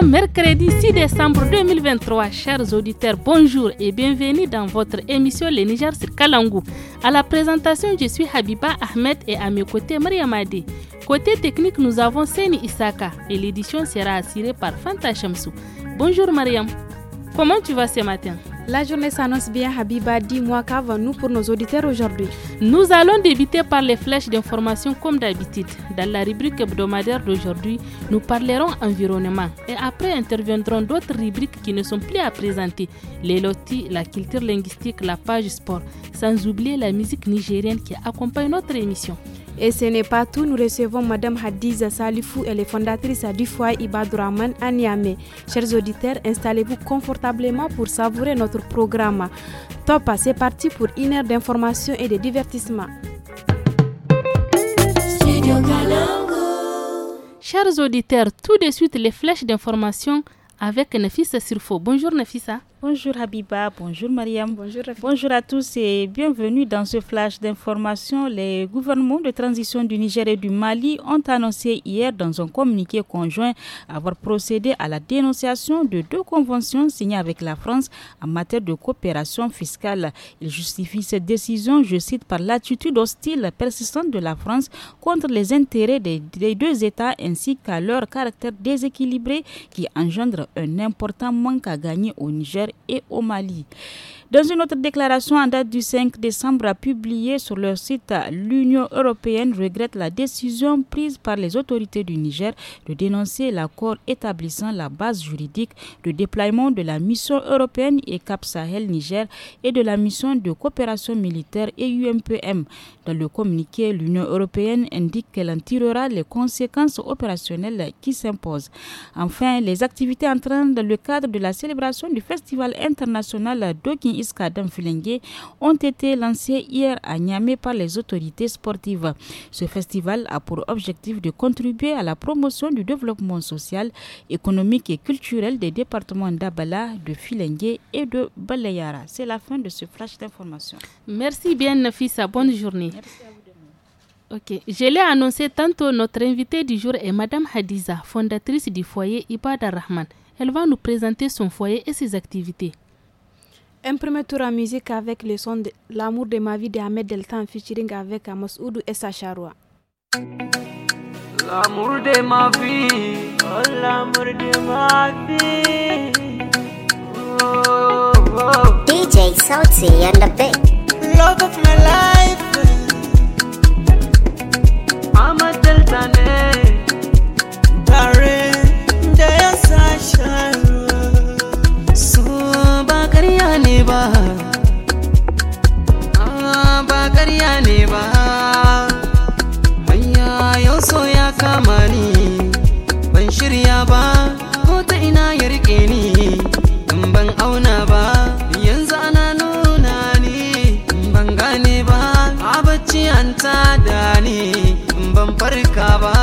mercredi 6 décembre 2023. Chers auditeurs, bonjour et bienvenue dans votre émission Les Niger sur Kalangou. À la présentation, je suis Habiba Ahmed et à mes côtés, Mariamadi Côté technique, nous avons Seni Isaka et l'édition sera assurée par Fanta Shamsou. Bonjour Mariam, comment tu vas ce matin? La journée s'annonce bien, Habiba. Dis-moi qu'avons-nous pour nos auditeurs aujourd'hui Nous allons débuter par les flèches d'information comme d'habitude. Dans la rubrique hebdomadaire d'aujourd'hui, nous parlerons environnement et après interviendront d'autres rubriques qui ne sont plus à présenter les lotis, la culture linguistique, la page sport, sans oublier la musique nigérienne qui accompagne notre émission. Et ce n'est pas tout, nous recevons Madame Hadiza Salifou, elle est fondatrice du foyer Ibadouraman à Niamey. Chers auditeurs, installez-vous confortablement pour savourer notre programme. Top, c'est parti pour une heure d'information et de divertissement. Chers auditeurs, tout de suite les flèches d'information avec Nafissa Sirfo. Bonjour Nafissa. Bonjour Habiba, bonjour Mariam. Bonjour. à tous et bienvenue dans ce flash d'information. Les gouvernements de transition du Niger et du Mali ont annoncé hier dans un communiqué conjoint avoir procédé à la dénonciation de deux conventions signées avec la France en matière de coopération fiscale. Ils justifient cette décision, je cite, par l'attitude hostile persistante de la France contre les intérêts des, des deux États ainsi qu'à leur caractère déséquilibré qui engendre un important manque à gagner au Niger et au Mali. Dans une autre déclaration en date du 5 décembre publiée sur leur site, l'Union européenne regrette la décision prise par les autorités du Niger de dénoncer l'accord établissant la base juridique de déploiement de la mission européenne et Cap Sahel Niger et de la mission de coopération militaire et Dans le communiqué, l'Union européenne indique qu'elle en tirera les conséquences opérationnelles qui s'imposent. Enfin, les activités entrant dans le cadre de la célébration du Festival international d'Okin Iska Filengue ont été lancés hier à Niamey par les autorités sportives. Ce festival a pour objectif de contribuer à la promotion du développement social, économique et culturel des départements d'Abala, de Filengue et de Balayara. C'est la fin de ce flash d'information. Merci bien, Nafisa. Bonne journée. Merci à vous. Ok, je l'ai annoncé tantôt, notre invitée du jour est Madame Hadiza, fondatrice du foyer Ibad Rahman. Elle va nous présenter son foyer et ses activités. Un premier tour en musique avec le son de L'amour de ma vie de Ahmed Delta en featuring avec Amos Oudou et Sacha Roy. L'amour de ma vie, oh l'amour de ma vie. DJ Salty and the Big. Love of my life. Ahmed Delta, eh. Darren, Jaya karya ne ba hanya yau so ya kama ni ban shirya ba ko ta ina ya rike ni in ban auna ba yanzu ana nuna ni ban gane ba a bacci an da ni ban farka ba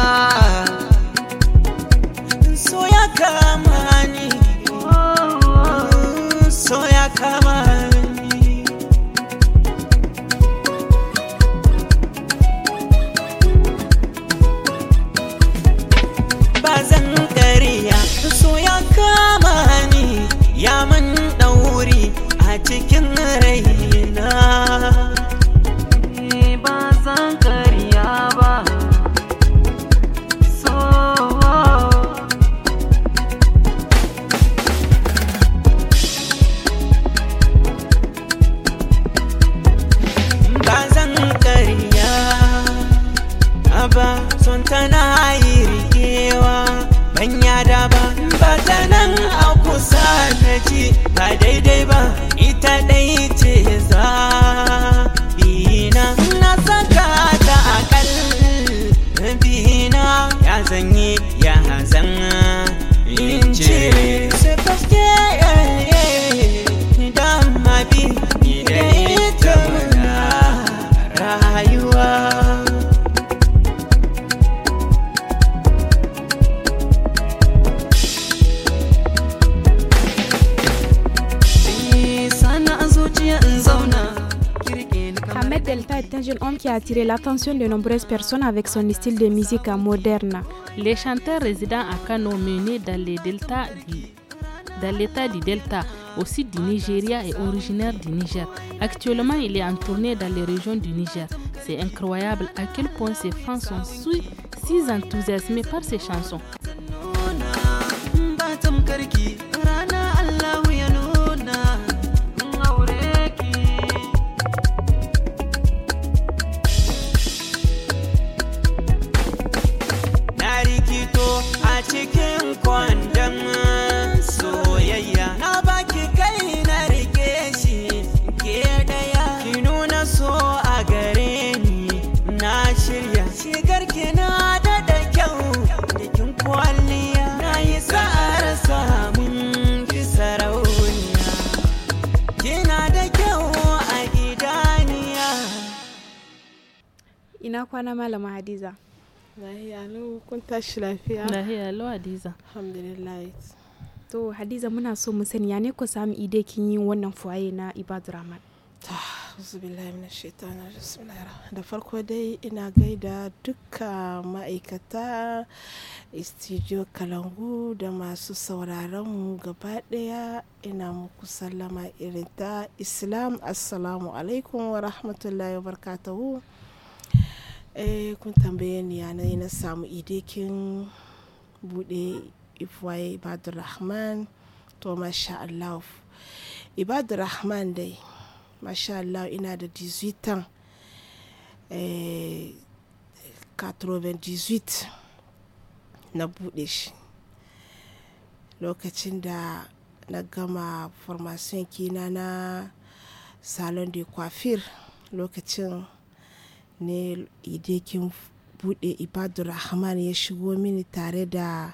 l'attention de nombreuses personnes avec son style de musique moderne. Les chanteurs résidents à Kano menés dans l'état du, du Delta, aussi du Nigeria et originaire du Niger. Actuellement, il est en tournée dans les régions du Niger. C'est incroyable à quel point ces fans sont si, si enthousiasmés par ses chansons. Ina kwana Malama Hadiza. Lahiya lau kun tashi lafiya. Lahiya lau Hadiza. Alhamdulillah. To Hadiza muna so mu sani ya ne ku samu ide kin yin wannan fuwaye na Ibadu Rahman. da farko dai ina gaida duka ma'aikata studio kalangu da masu mu gaba daya ina muku sallama irin ta islam assalamu alaikum wa rahmatullahi wa barkatahu Eh, kun tambaye ni yana na samu idikin buɗe ibadu rahman to masha Allah. rahman dai masha Allah ina da 18 ans, eh 98 na bude shi. Lokacin da na gama formation kina na salon de coiffure lokacin. ne idekin bude rahman ya shigo mini tare da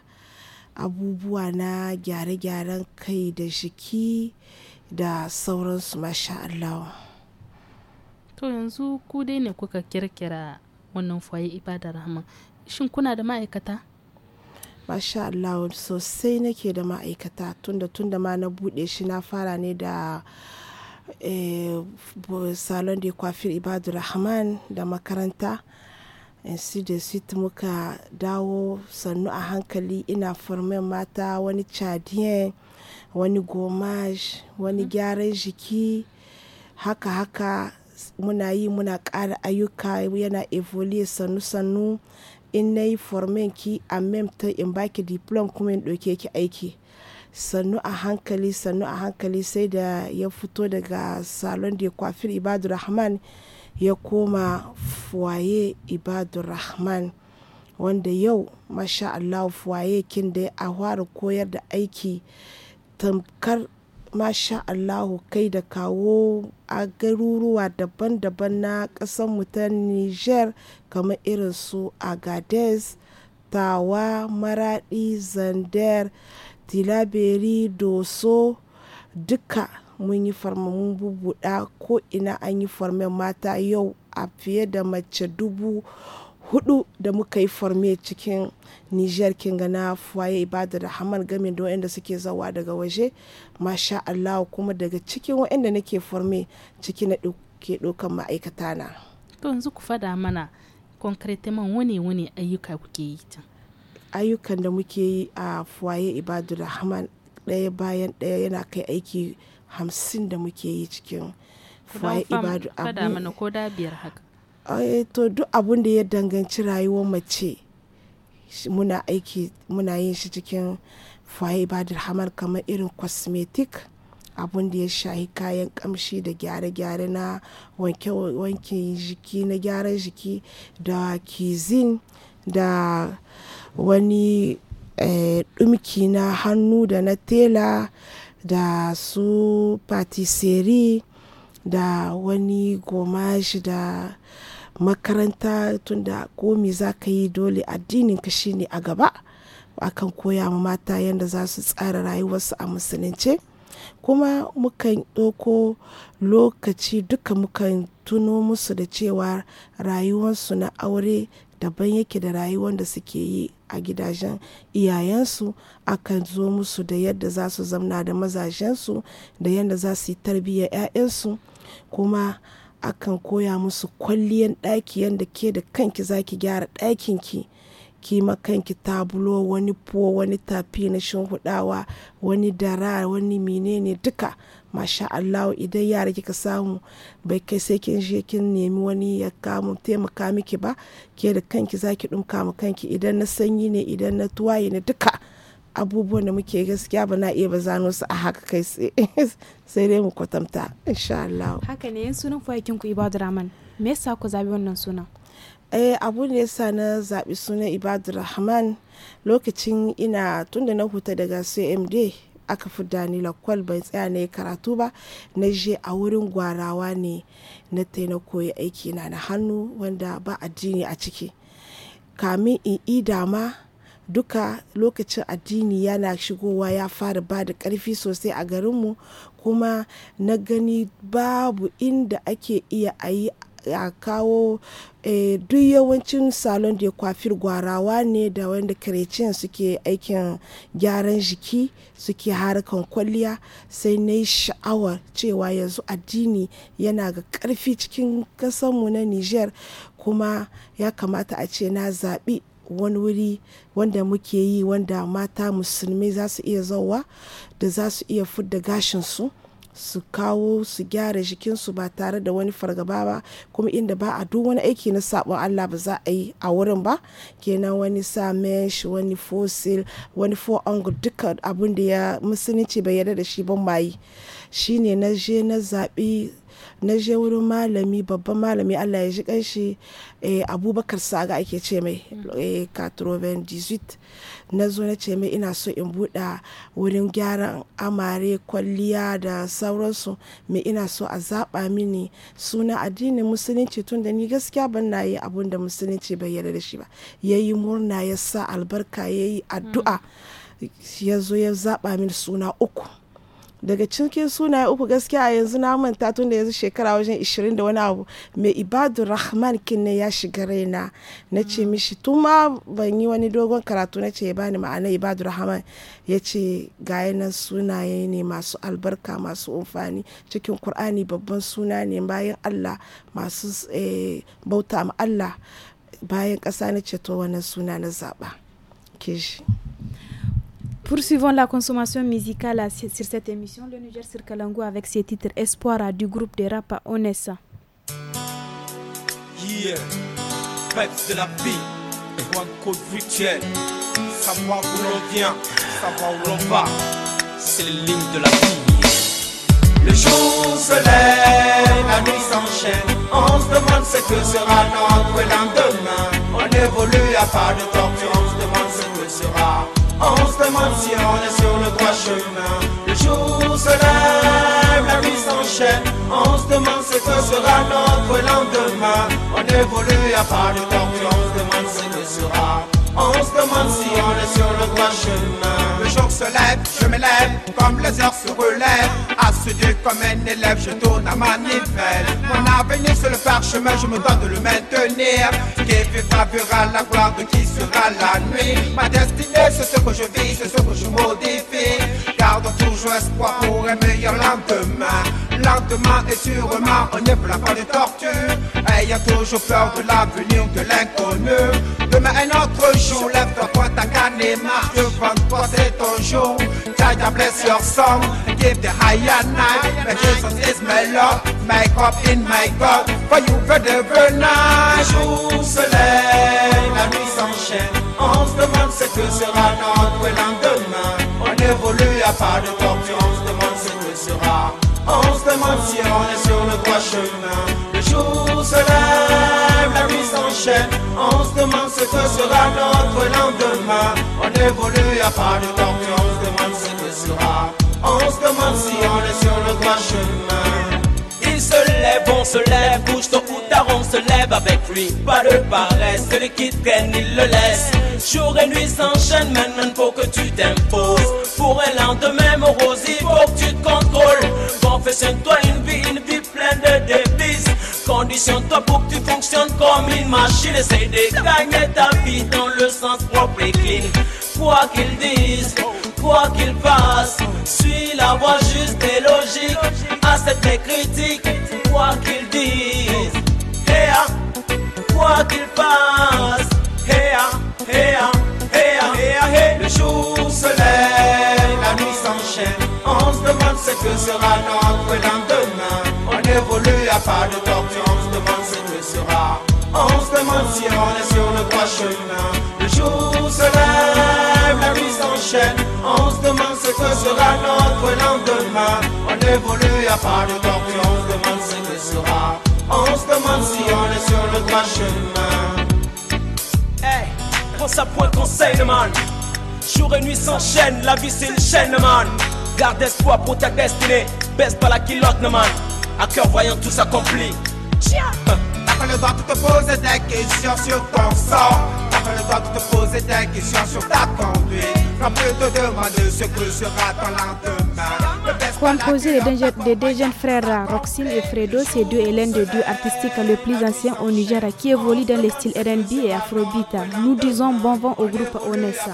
abubuwa na gyare-gyaren kai da jiki da sauransu masha Allah. To yanzu ku dai ne kuka kirkira wannan ibadu rahman Shin kuna da ma'aikata? Masha Allah sosai nake da ma'aikata tunda tunda ma na bude shi na fara ne da Eh, salon de coiffure dans da makaranta ainsi de suite muka dawo sannu a hankali ina formen mata wani chadien wani gommage wani mhm. gyaran jiki haka haka muna yi muna ƙara ayyuka yana evoli sannu-sannu in na yi formen ki a memta in baki diplom kuma in ɗauke sannu a hankali sannu a hankali sai da ya fito daga salon de kwafir ibadu rahman ya koma fuwaye ibadu rahman wanda yau masha allahu fuwaye kin da a fara koyar da aiki tamkar masha allahu kai da kawo a garuruwa daban-daban na ƙasar ta niger kamar irin su agades tawa maradi zander Tilaberi Doso duka mun yi farme mun ko ina an yi farmen mata yau a fiye da mace dubu hudu da muka yi farme cikin Nijar kinga na Faye Ibada da Haman game da waɗanda suke zawa daga waje masha Allah kuma daga cikin waɗanda nake farme ciki na ke dokan ma'aikata na. To yanzu ku fada mana konkretement wani wani ayyuka kuke yi can? ayyukan da muke yi a fuwaye ibadu rahman ɗaya bayan ɗaya yana kai aiki hamsin da muke yi cikin fuwaye ibadu eh, to duk abun da ya danganci rayuwar mace muna aiki muna yin shi cikin fuwaye ibadu haman kamar irin cosmetic abun da ya shahi kayan kamshi da gyare-gyare na wanke jiki na gyaran jiki da kizin da wani eh, dumki ɗumki na hannu da na tela da su patisserie da wani gomashi da makaranta tunda komi za ka yi dole addinin ka shine a gaba akan koya ma mata yadda za su tsara rayuwarsu a musulunce kuma mukan ɗauko lokaci duka mukan tuno musu da cewa rayuwarsu na aure daban yake da rayuwar da suke yi a gidajen iyayensu akan zo musu da yadda za su zamna da mazajensu da yadda za su yi tarbiyyar 'ya'yansu kuma akan koya musu kwalliyan ɗaki yadda ke da kanki za ki gyara ɗakinki ki makanki tabulo wani po wani tafi na shinhudawa wani dara wani menene duka masha Allah idan yara kika samu bai kai sai kin je kin nemi wani ya kamu taimaka miki ba ke da kanki zaki dumka mu kanki idan na sanyi ne idan na tuwaye ne duka abubuwan da muke gaskiya ba na iya bazano su a haka kai sai dai mu kwatanta insha Allah haka ne sunan kwayakin ku Ibadu Rahman me yasa ku zabi wannan sunan eh abu ne yasa na zabi sunan Ibadu Rahman lokacin ina tunda na huta daga CMD aka fi daniel kwal ban tsaya na yi karatu ba na je a wurin gwarawa ne na taina koyi aiki na na hannu wanda ba addini a ciki kamin in ida ma duka lokacin addini yana shigowa ya fara ba da ƙarfi sosai a garinmu kuma na gani babu inda ake iya ayi. a kawo eh, duk yawancin salon da ya kwafi gwarawa ne da wanda kirecin suke aikin gyaran jiki suke harkan kwalliya sai na yi sha'awar cewa yanzu addini yana ga karfi cikin kasanmu na niger kuma ya kamata a ce na zaɓi wani wuri wanda muke yi wanda mata musulmi za su iya zauwa da za su iya fudda gashinsu. su su kawo su gyara jikinsu ba tare da wani fargaba ba kuma inda ba a duk wani aiki na sabon Allah ba za a yi a wurin ba kenan wani sa mesh wani fosil wani fo'ongo duka abin da ya musulunci bai yarda da shi ban mayi shine na je na zaɓi na je wurin malami babban malami allah ya ji kanshi eh, abubakar saga ake ce mai katroven eh, na zo na ce mai ina so in buɗe wurin gyaran amare kwalliya da sauransu mai ina so a zaɓa mini suna addinin musulunci tun da ni gaskiya ban na yi abun da musulunci bai yarda da shi ba ya yi murna ya sa albarka ya yi addu'a hmm. ya zo ya zaɓa mini suna uku daga cikin sunaye uku gaskiya a yanzu na manta tun da yanzu shekara wajen 20 da wani abu mai ibadu rahman kinne ya shiga raina na ce mm. mishi tun ma ban yi wani dogon karatu na ce ya bani ma'ana ibadu rahman ya ce ga sunaye ne masu albarka masu amfani cikin kur'ani babban suna ne bayan allah masu eh, bauta ma allah bayan ƙasa na ceto wani suna na zaɓa kishi Poursuivons la consommation musicale sur cette émission, le Niger Circalango avec ses titres Espoir du groupe de rap Onessa. Yeah, de la vie, one code rituel, savoir où l'on vient, savoir où l'on va, c'est les de la vie. Le jour se lève, la nuit s'enchaîne, on se demande ce que sera notre lendemain. On évolue à part de torture, on se demande ce que sera. On se demande si on est sur le droit chemin. Le jour se lève, la nuit s'enchaîne. On se demande ce que sera notre lendemain. On évolue à part de temps, on se demande ce que sera. On se demande si on est sur le le jour se lève, je m'élève, comme les heures se relèvent. Assidu comme un élève, je tourne à ma nivelle. Mon avenir sur le parchemin, je me dois de le maintenir. Qui vivra verra la gloire de qui sera la nuit. Ma destinée, c'est ce que je vis, c'est ce que je modifie. Garde toujours espoir pour un meilleur lendemain. Lentement et sûrement, on plus la pas de torture. Ayant toujours peur de l'avenir, de l'inconnu. Demain, un autre jour, lève-toi, ta canne et the front, c'est ton jour, bless your song, give the higher night. Jesus is my love my cup in my God. For you for the night. Jour soleil, la nuit s'enchaîne. On se demande ce que sera notre lendemain. On évolue à part de torture, on se demande ce que sera. On se demande si on est sur le droit chemin. Le jour se lève, la nuit s'enchaîne. On se demande ce que sera notre lendemain. On évolue à pas de temps, on se demande ce que sera. On se demande si on est sur le droit chemin. Il se lève, on se lève, bouge ton on se lève avec lui. Pas de paresse, Celui qui quitte traîne, il le laisse. Jour et nuit s'enchaînent, maintenant faut que tu t'imposes. Pour un lendemain rose, il faut que tu te contrôles. Confessionne-toi une vie, une vie pleine de dévices. Conditionne-toi pour que tu fonctionnes comme une machine. Essaye de gagner ta vie dans le sens propre et clean. Quoi qu'ils disent, quoi qu'ils fassent, suis la voie juste et logique. Accepte tes critiques, quoi qu'ils disent qu'il passe. Héa, héa, héa, héa, et Le jour se lève, la nuit s'enchaîne. On se demande ce que sera notre lendemain. On évolue à pas de tortue, on se demande ce que sera. On se demande si on est sur le droit chemin. Le jour se lève, la nuit s'enchaîne. On se demande ce que sera notre lendemain. On évolue à part de temps, puis on se demande ce que sera. On se demande si on est sur le droit chemin. Hey, pense à point conseil, man. Jour et nuit s'enchaînent, la vie c'est une chaîne, man. Garde espoir pour ta destinée, baisse pas la quilote, man. À cœur voyant tout s'accomplit. Tiens! T'as pas le droit de te poser des questions sur ton sort. T'as pas le droit de te poser des questions sur ta conduite. Comme mieux te demander ce que sera ton lendemain. Composé des deux, deux, jeunes frères Roxine et Fredo, c'est deux l'un de deux artistiques le plus anciens au Niger qui évolue dans les styles R&B et Afrobeat. Nous disons bon vent au groupe Onessa.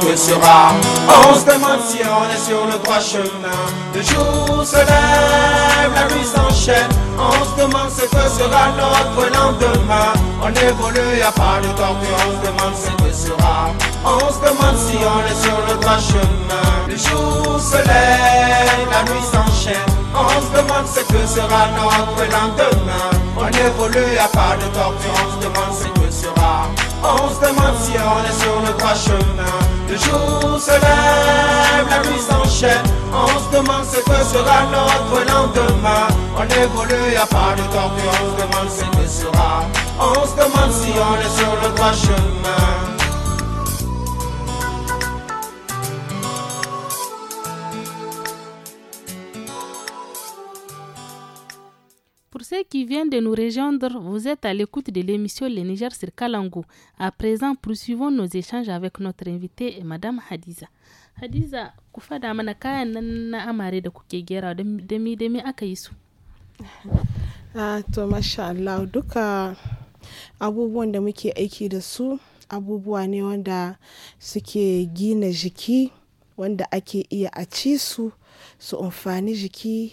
Que sera On se demande si on est sur le droit chemin. Le jour se lève, la nuit s'enchaîne. On se demande ce que sera notre lendemain. On évolue, y a pas de temps, on se demande ce que sera. On se demande si on est sur le droit chemin. Le jour se lève, la nuit s'enchaîne. On se demande ce que sera notre lendemain. On évolue à pas de tortue, on se demande ce que sera. On se demande si on est sur le droit chemin. Le jour se lève, la nuit s'enchaîne. On se demande ce que sera notre lendemain. On évolue à pas de tortue, on se demande ce que sera. On se demande si on est sur le droit chemin. qui vient de nous rejoindre, vous êtes à l'écoute de l'émission Le Niger sur Kalango. À présent, poursuivons nos échanges avec notre invitée, Madame Hadiza. Hadiza, kufa da mana kayan nan na amare da kuke gera da mi da mi aka yi su. Ah, to masha Allah duka abubuwan da muke aiki da su abubuwa ne wanda suke gina jiki wanda ake iya a ci su su amfani jiki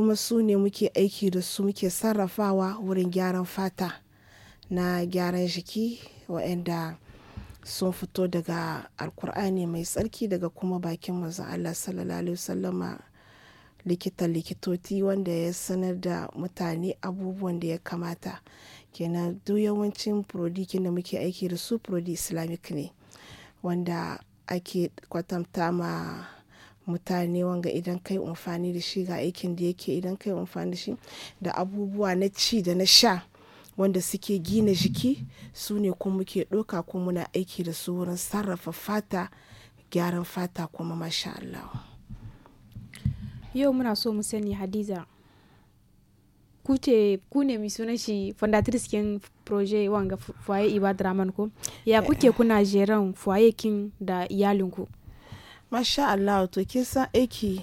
kuma su ne muke aiki da su muke sarrafawa wurin gyaran fata na gyaran jiki waɗanda sun fito daga alkur'ani mai tsarki daga kuma bakin maza Allah sallallahu alaihi wasallama likitan likitoti wanda ya sanar da mutane abubuwan da ya kamata kenan duk yawancin prodikin da muke aiki da su prodi islamic ne wanda ake kwatanta ma mutane wanga idan kai amfani da shi ga aikin da yake idan kai amfani da shi da abubuwa na ci da na sha wanda suke gina jiki su ne kuma muke ɗoka ko muna aiki da su wurin sarrafa fata gyaran fata kuma masha Allah. Yau muna so mu sani Hadiza ku ne mai sunan shi fondatrice kin proje wanga foyer Ibad ko ya kuke eh. kuna jeran foyer da iyalinku. Masha Allah to kin san aiki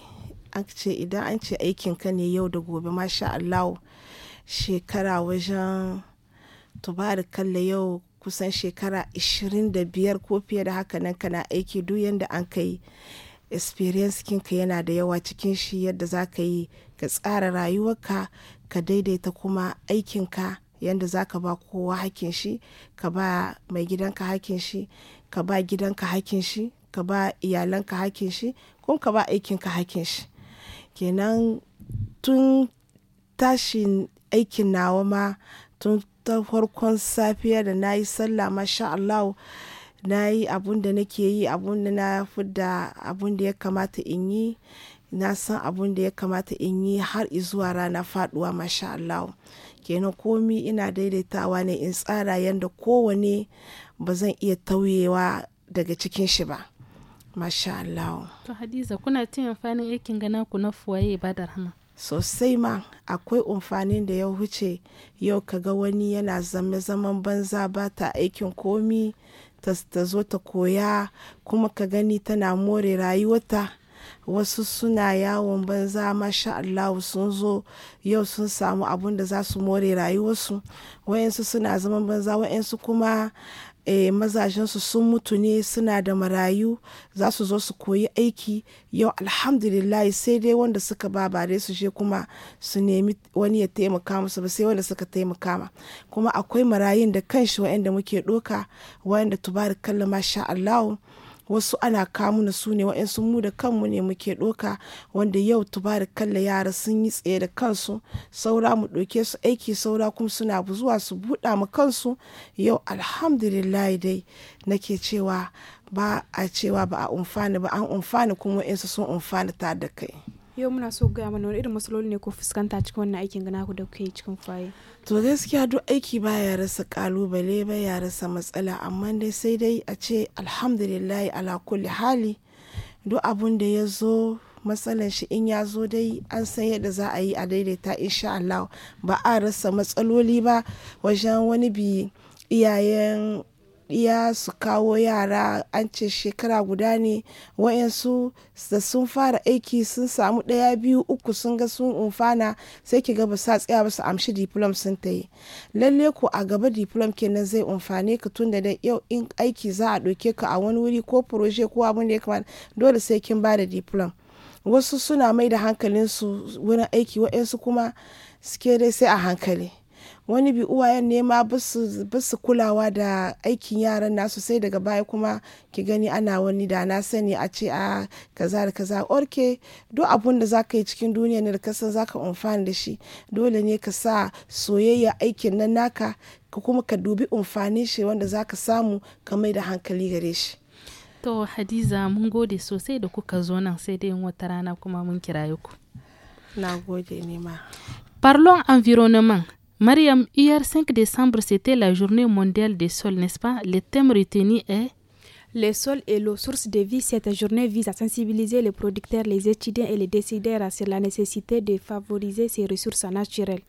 an ce idan an ce aikin ka ne yau da gobe masha Allah shekara wajen tubarikalla yau kusan shekara 25 ko fiye da haka nan kana aiki duk yadda an kai experience kinka yana da yawa cikin shi yadda za ka yi ka tsara rayuwarka ka daidaita kuma aikinka yadda za ka ba kowa hakin shi ka ba mai gidanka hakin shi ka ba gidanka hakin shi ka ba iyalanka hakin shi ko ka ba aikinka hakin shi kenan tun tashin aikin nawa ma tun ta farkon safiya da na yi sallah masha Allah na yi abun da nake yi abun da na da abun da ya kamata in yi na san abun da ya kamata in yi har izuwa rana faduwa masha Allah kenan komi ina daidaitawa ne in tsara yadda kowane ba zan iya tauyewa daga cikin shi ba Masha Allah. To Hadiza kuna cin amfanin aikin gana ku na fuwaye ba da Sosai ma akwai amfanin da ya huce yau kaga wani yana zama zaman banza ba ta aikin komi ta zo ta koya kuma ka gani tana more rayuwarta. wasu suna yawon banza masha Allah sun zo yau sun samu abun da za su more rayuwarsu wayansu suna zaman banza wayansu kuma eh, mazajensu sun mutu ne suna da marayu za su zo su koyi aiki yau alhamdulillah sai dai wanda suka ba ba dai su je kuma su nemi wani ya taimaka musu ba sai wanda suka taimaka ma kuma akwai marayun da kanshi wa'anda muke doka wa'anda tubarikalla masha Allah wasu ana kamuna su ne wa'yansu mu da kanmu ne muke doka wanda yau kalla yara sun yi tsaye da kansu saura mu ɗauke su aiki saura kuma suna zuwa su buɗa mu kansu yau alhamdulillah dai nake cewa ba a cewa ba a umfani ba an umfani kuma wa'yansu sun umfani ta da kai. yau muna so gaya mana wani irin matsaloli ne ko fuskanta cikin wannan aikin gana ku da kuke cikin faye to gaskiya duk aiki ba ya rasa kalubale ba ya rasa matsala amma dai sai dai a ce alhamdulillah ala kulli hali duk abun da ya zo matsalan shi in ya zo dai an san yadda za a yi a daidaita insha Allah ba a rasa matsaloli ba wajen wani bi iyayen ɗiya su kawo yara an ce shekara guda ne wayansu da sun fara aiki sun samu ɗaya biyu uku sun ga sun umfana sai ki ga ba sa tsaya ba su amshi diplom sun ta yi lalle ku a gaba diplom kenan zai umfane ka tun da yau in aiki za a ɗauke ka a wani wuri ko proje ko abin da ya kamata dole sai kin ba da diplom wasu suna mai da hankalinsu wurin aiki waɗansu kuma suke dai sai a hankali wani bi uwayen ne ma basu kulawa da aikin yaran nasu sai daga baya kuma ki gani ana wani da na sani a ce a ah, kaza da kaza orke duk abun da zaka yi cikin duniya ne da za zaka amfani da shi dole ne ka sa soyayya aikin nan naka ka kuma ka dubi umfani shi wanda ka samu ka mai da hankali gare shi to hadiza mun gode sosai da kuka zo nan sai dai wata rana kuma mun kiraye ku na gode ne ma Parlons environnement. Mariam, hier 5 décembre, c'était la journée mondiale des sols, n'est-ce pas Le thème retenu est les sols et l'eau, source de vie, cette journée vise à sensibiliser les producteurs, les étudiants et les décideurs sur la nécessité de favoriser ces ressources naturelles.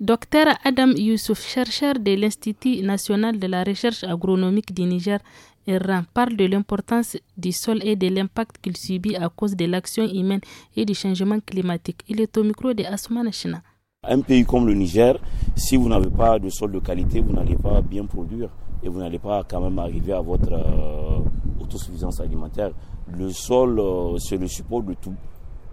Docteur Adam Youssouf, chercheur de l'Institut national de la recherche agronomique du Niger, parle de l'importance du sol et de l'impact qu'il subit à cause de l'action humaine et du changement climatique. Il est au micro de Asman China. Un pays comme le Niger, si vous n'avez pas de sol de qualité, vous n'allez pas bien produire et vous n'allez pas quand même arriver à votre euh, autosuffisance alimentaire. Le sol, euh, c'est le support de tout.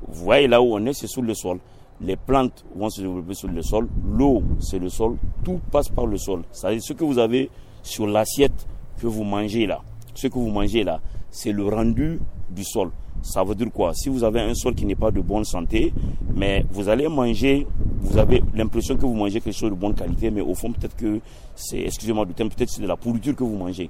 Vous voyez là où on est, c'est sous le sol. Les plantes vont se développer sur le sol. L'eau, c'est le sol. Tout passe par le sol. C'est-à-dire ce que vous avez sur l'assiette que vous mangez là, ce que vous mangez là, c'est le rendu du sol. Ça veut dire quoi Si vous avez un sol qui n'est pas de bonne santé, mais vous allez manger, vous avez l'impression que vous mangez quelque chose de bonne qualité, mais au fond peut-être que c'est, excusez-moi du terme, peut-être c'est de la pourriture que vous mangez.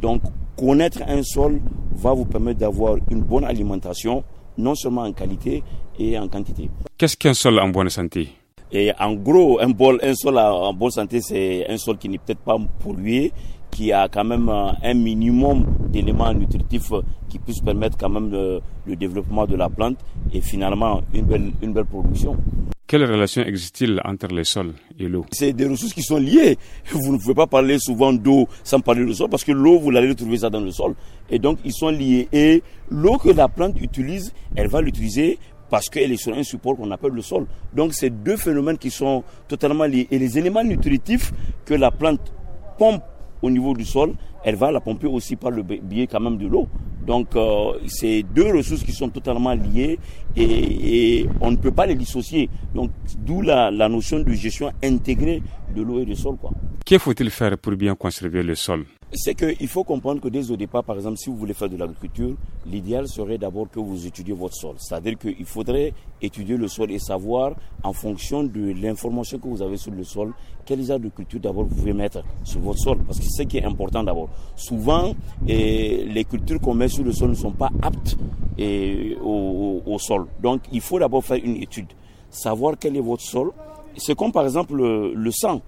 Donc connaître un sol va vous permettre d'avoir une bonne alimentation, non seulement en qualité et en quantité. Qu'est-ce qu'un sol en bonne santé et en gros, un, bol, un sol en bonne santé, c'est un sol qui n'est peut-être pas pollué, qui a quand même euh, un minimum d'éléments nutritifs qui puissent permettre quand même euh, le, développement de la plante et finalement une belle, une belle production. Quelle relation existe-t-il entre les sols et l'eau C'est des ressources qui sont liées. Vous ne pouvez pas parler souvent d'eau sans parler de sol parce que l'eau, vous allez trouver ça dans le sol. Et donc, ils sont liés. Et l'eau que la plante utilise, elle va l'utiliser parce qu'elle est sur un support qu'on appelle le sol. Donc, c'est deux phénomènes qui sont totalement liés. Et les éléments nutritifs que la plante pompe au niveau du sol elle va la pomper aussi par le biais quand même de l'eau. Donc euh, c'est deux ressources qui sont totalement liées et, on ne peut pas les dissocier. Donc d'où la, notion de gestion intégrée de l'eau et du sol. Quoi. qu'il faut-il faire pour bien conserver le sol c'est qu'il faut comprendre que dès au départ, par exemple, si vous voulez faire de l'agriculture, l'idéal serait d'abord que vous étudiez votre sol. C'est-à-dire qu'il faudrait étudier le sol et savoir, en fonction de l'information que vous avez sur le sol, quelle genre de culture d'abord vous pouvez mettre sur votre sol. Parce que c'est ce qui est important d'abord, souvent les cultures qu'on met sur le sol ne sont pas aptes au, sol. Donc il faut d'abord faire une étude, savoir quel est votre sol. C'est comme par exemple le, sang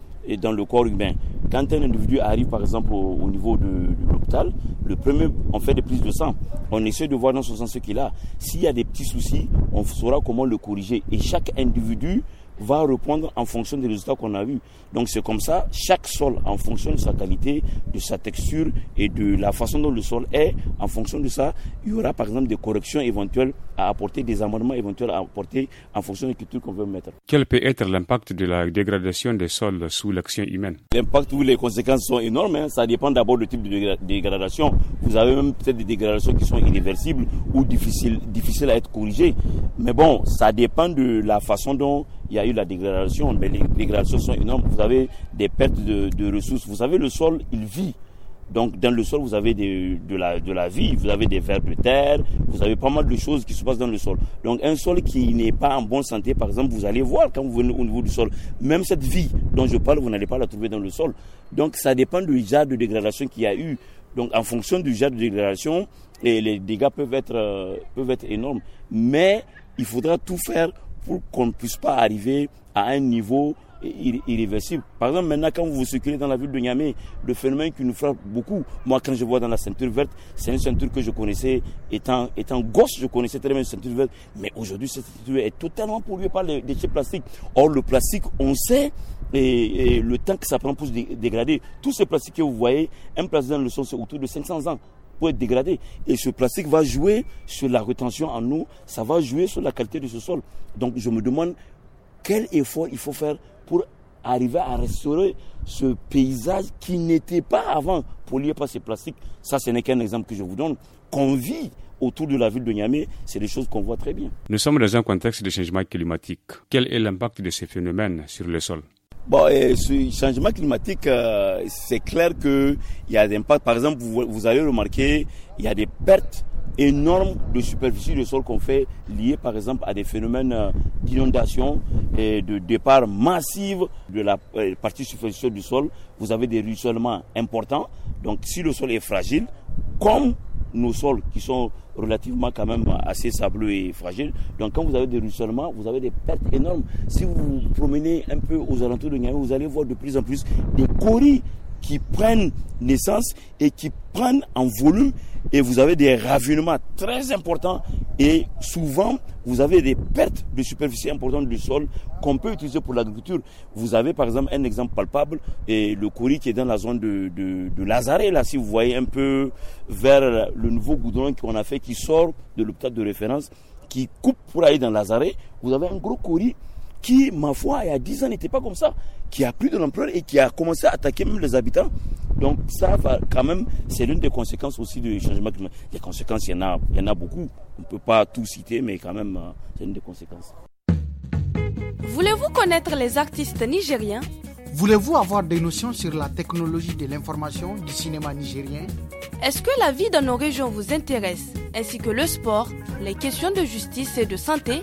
dans le corps humain. Quand un individu arrive par exemple au, niveau de, l'hôpital, le premier, on fait des prises de sang. On essaie de voir dans son sang ce qu'il a. S'il y a des petits soucis, on saura comment le corriger. Et chaque individu va reprendre en fonction des résultats qu'on a eus. Donc c'est comme ça, chaque sol, en fonction de sa qualité, de sa texture et de la façon dont le sol est, en fonction de ça, il y aura par exemple des corrections éventuelles à apporter, des amendements éventuels à apporter en fonction des cultures qu'on veut mettre. Quel peut être l'impact de la dégradation des sols sous l'action humaine L'impact ou les conséquences sont énormes. Hein. Ça dépend d'abord du type de dégradation. Vous avez même peut-être des dégradations qui sont irréversibles ou difficiles, difficiles à être corrigées. Mais bon, ça dépend de la façon dont il y a eu la dégradation, mais les dégradations sont énormes. Vous avez des pertes de, ressources. Vous savez, le sol, il vit. Donc dans le sol, vous avez des, de, la, de la vie, vous avez des vers de terre, vous avez pas mal de choses qui se passent dans le sol. Donc un sol qui n'est pas en bonne santé, par exemple, vous allez voir quand vous venez au niveau du sol, même cette vie dont je parle, vous n'allez pas la trouver dans le sol. Donc ça dépend du genre de dégradation qu'il y a eu. Donc en fonction du genre de dégradation, les, dégâts peuvent être, euh, peuvent être énormes. Mais il faudra tout faire pour qu'on ne puisse pas arriver à un niveau irréversible. Par exemple, maintenant, quand vous vous circulez dans la ville de Niamey, le phénomène qui nous frappe beaucoup, moi, quand je vois dans la ceinture verte, c'est une ceinture que je connaissais étant, étant gosse, je connaissais très bien une ceinture verte, mais aujourd'hui, cette ceinture est totalement polluée par les déchets plastiques. Or, le plastique, on sait, et, le temps que ça prend pour se dégrader. Tous ces plastiques que vous voyez, un plastique dans le sol, c'est autour de 500 ans peut être dégradé. Et ce plastique va jouer sur la rétention en eau, ça va jouer sur la qualité de ce sol. Donc je me demande quel effort il faut faire pour arriver à restaurer ce paysage qui n'était pas avant pollué par ces plastiques. Ça, ce n'est qu'un exemple que je vous donne, qu'on vit autour de la ville de Niamey. C'est des choses qu'on voit très bien. Nous sommes dans un contexte de changement climatique. Quel est l'impact de ces phénomènes sur le sol Bon, et ce changement climatique, euh, c'est clair qu'il y a des impacts. Par exemple, vous, avez remarqué, il y a des pertes énormes de superficie de sol qu'on fait liées, par exemple, à des phénomènes euh, d'inondation et de départ massive de la euh, partie superficielle du sol. Vous avez des ruissellements importants. Donc, si le sol est fragile, comme nos sols qui sont relativement quand même assez sableux et fragiles. Donc quand vous avez des ruissellements, vous avez des pertes énormes. Si vous vous promenez un peu aux alentours de Niamey, vous allez voir de plus en plus des coris qui prennent naissance et qui prennent en volume et vous avez des ravinements très importants et souvent vous avez des pertes de superficie importante du sol qu'on peut utiliser pour l'agriculture. Vous avez par exemple un exemple palpable et le courri qui est dans la zone de, de, là si vous voyez un peu vers le nouveau goudron qu'on a fait qui sort de l'hôpital de référence, qui coupe pour aller dans Lazaret vous avez un gros courri qui, ma foi, il y a 10 ans n'était pas comme ça qui a pris de l'ampleur et qui a commencé à attaquer même les habitants. Donc ça va quand même, c'est l'une des conséquences aussi du changement climatique. Les conséquences, il y en a, y en a beaucoup. On ne peut pas tout citer, mais quand même, hein, c'est l'une des conséquences. Voulez-vous connaître les artistes nigériens Voulez-vous avoir des notions sur la technologie de l'information du cinéma nigérien Est-ce que la vie dans nos régions vous intéresse, ainsi que le sport, les questions de justice et de santé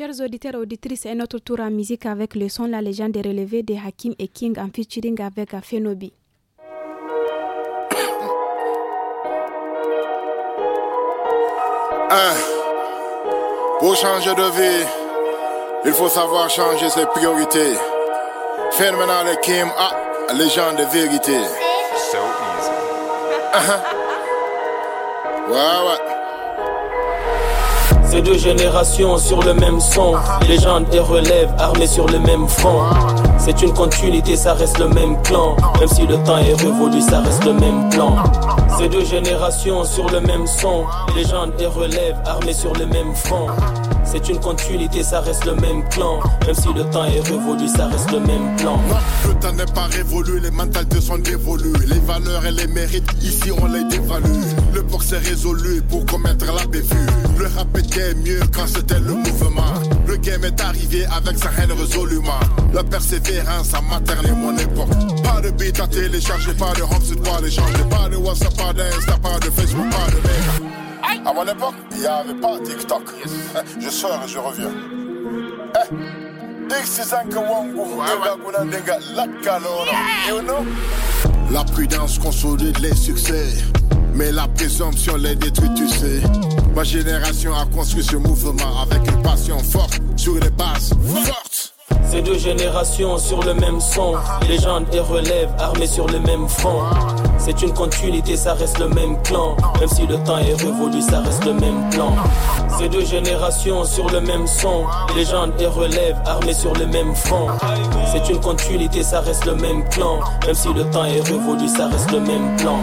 Chers auditeurs et auditrices, c'est notre tour en musique avec le son La légende des relevés de Hakim et King en featuring avec Fenobi. Hein. pour changer de vie, il faut savoir changer ses priorités. maintenant le Kim, la légende de vérité. C'est ces deux générations sur le même son. Les gens des relèves armés sur le même front. C'est une continuité, ça reste le même plan Même si le temps est révolu, ça reste le même plan. Ces deux générations sur le même son. Les gens des relèves armés sur le même front. C'est une continuité, ça reste le même plan Même si le temps est révolu, ça reste le même plan. Le temps n'est pas révolu, les mentalités sont dévolues. Les valeurs et les mérites, ici on les dévalue. Le box est résolu pour commettre la bévue. Le rap était mieux quand c'était le mouvement. Le game est arrivé avec sa haine résolument. La persévérance a materné mon époque. Pas de beat à télécharger, pas de home, c'est pas d'échanger. Pas de WhatsApp, pas d'Insta, pas de Facebook, pas de merde. À mon époque, il n'y avait pas TikTok. Je sors et je reviens. Eh, la prudence consolide les succès. Mais la présomption les détruit, tu sais. Ma génération a construit ce mouvement avec une passion forte sur les bases fortes. Ces deux générations sur le même son, ah. les et te relèvent armés sur le même front. C'est une continuité, ça reste le même clan. Même si le temps est révolu, ça reste le même plan. Ces deux générations sur le même son. Les gens et relèves armés sur le même front. C'est une continuité, ça reste le même clan. Même si le temps est révolu, ça reste le même plan.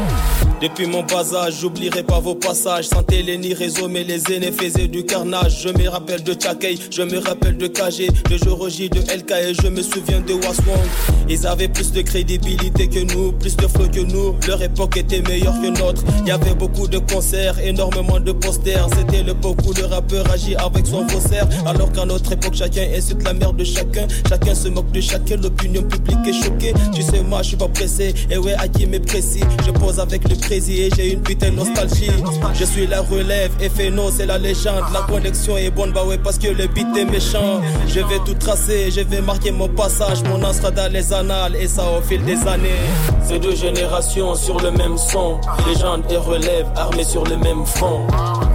Depuis mon bas âge, j'oublierai pas vos passages. Sans télé ni réseau, mais les aînés faisaient du carnage. Je me rappelle de Tchakei, je me rappelle de KG, de Joroji, de LK je me souviens de Waswong Ils avaient plus de crédibilité que nous, plus de flow que nous. Leur époque était meilleure que notre. Y avait beaucoup de concerts, énormément de posters. C'était le beau coup le rappeur agit avec son faussaire. Alors qu'à notre époque, chacun insulte la mère de chacun. Chacun se moque de chacun, l'opinion publique est choquée. Tu sais, moi, je suis pas pressé. Et ouais, à qui m'est précis. Je pose avec le président, et j'ai une putain de nostalgie. Je suis la relève, et non c'est la légende. La connexion est bonne, bah ouais, parce que le beat est méchant. Je vais tout tracer, je vais marquer mon passage. Mon astral les annales, et ça au fil des années. Ces deux générations sur le même son. Légende et relève armés sur le même fond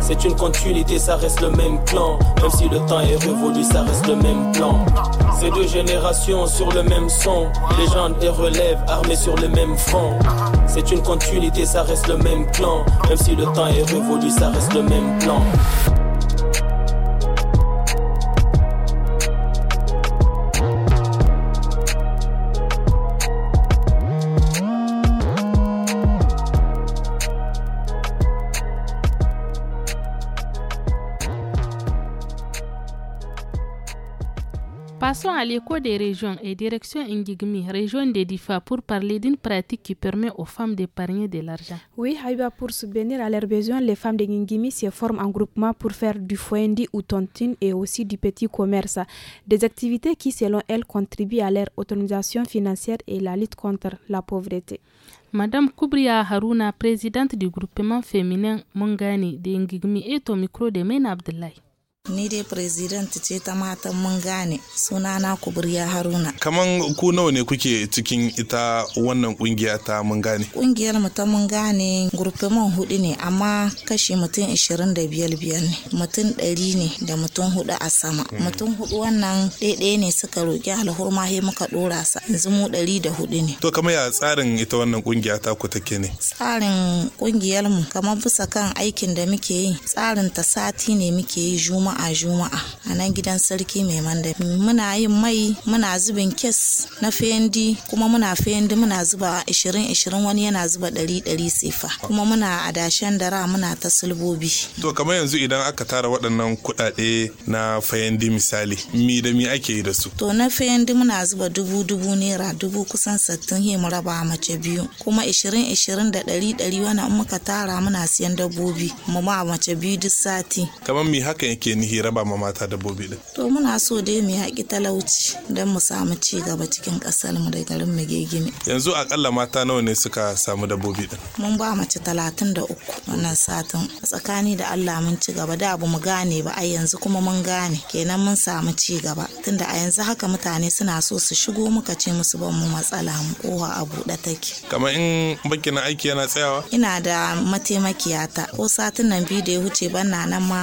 C'est une continuité, ça reste le même clan. Même si le temps est révolu, ça reste le même plan. Ces deux générations sur le même son. Légende et relève armés sur le même fond C'est une continuité, ça reste le même clan. Même si le temps est révolu, ça reste le même plan. Passons à l'écho des régions et direction Ngigmi, région de DIFA, pour parler d'une pratique qui permet aux femmes d'épargner de l'argent. Oui, Haïba, pour subvenir à leurs besoins, les femmes de Ngigmi se forment en groupement pour faire du foendi ou tontine et aussi du petit commerce. Des activités qui, selon elles, contribuent à leur autonomisation financière et la lutte contre la pauvreté. Madame Koubria Haruna, présidente du groupement féminin Mongani de Ngigmi, est au micro de main Abdullahi. Ni dai president ce ta matan mun gane sunana kuburya haruna. Kaman ku nawa ne kuke cikin ita wannan kungiya ta mun gane? Kungiyar mu ta mun gane gurfeman hudu ne amma kashi mutum 25 da biyar biyar ne mutum ɗari ne da mutum hudu a sama. Hmm. Mutum hudu wannan ɗaiɗaya ne suka roƙi alhurma he muka dora sa yanzu mu ɗari da ne. To kamar ya tsarin ita wannan kungiya ta ku take ne? Tsarin kungiyar mu kamar bisa kan aikin da muke yi tsarin ta sati ne muke yi juma. juma'a juma'a a nan gidan sarki mai manda muna yin mai muna zubin kes na fendi kuma muna fendi muna zuba ishirin ishirin wani yana zuba ɗari ɗari sefa kuma muna adashen dara muna ta sulbobi to kamar yanzu idan aka tara waɗannan kuɗaɗe na fendi misali mi da mi ake yi da su to na fendi muna zuba dubu dubu naira dubu kusan sattin hemu mu raba mace biyu kuma ishirin ishirin da ɗari ɗari wani in muka tara muna siyan dabbobi mu ma mace biyu duk sati kamar mi haka yake ainihi raba ma mata dabbobi din to muna so dai mu yaƙi talauci don mu samu ci gaba cikin kasar mu da garin mu gegime yanzu akalla mata nawa ne suka samu dabbobi din mun ba mace talatin da uku wannan satin tsakani da Allah mun ci gaba da abu mu gane ba a yanzu kuma mun gane kenan mun samu ci gaba tunda a yanzu haka mutane suna so su shigo muka ce musu ban mu matsala mu kowa a buɗe take kamar in baki na aiki yana tsayawa ina da mataimakiyata ko satin nan biyu da ya wuce ban na nan ma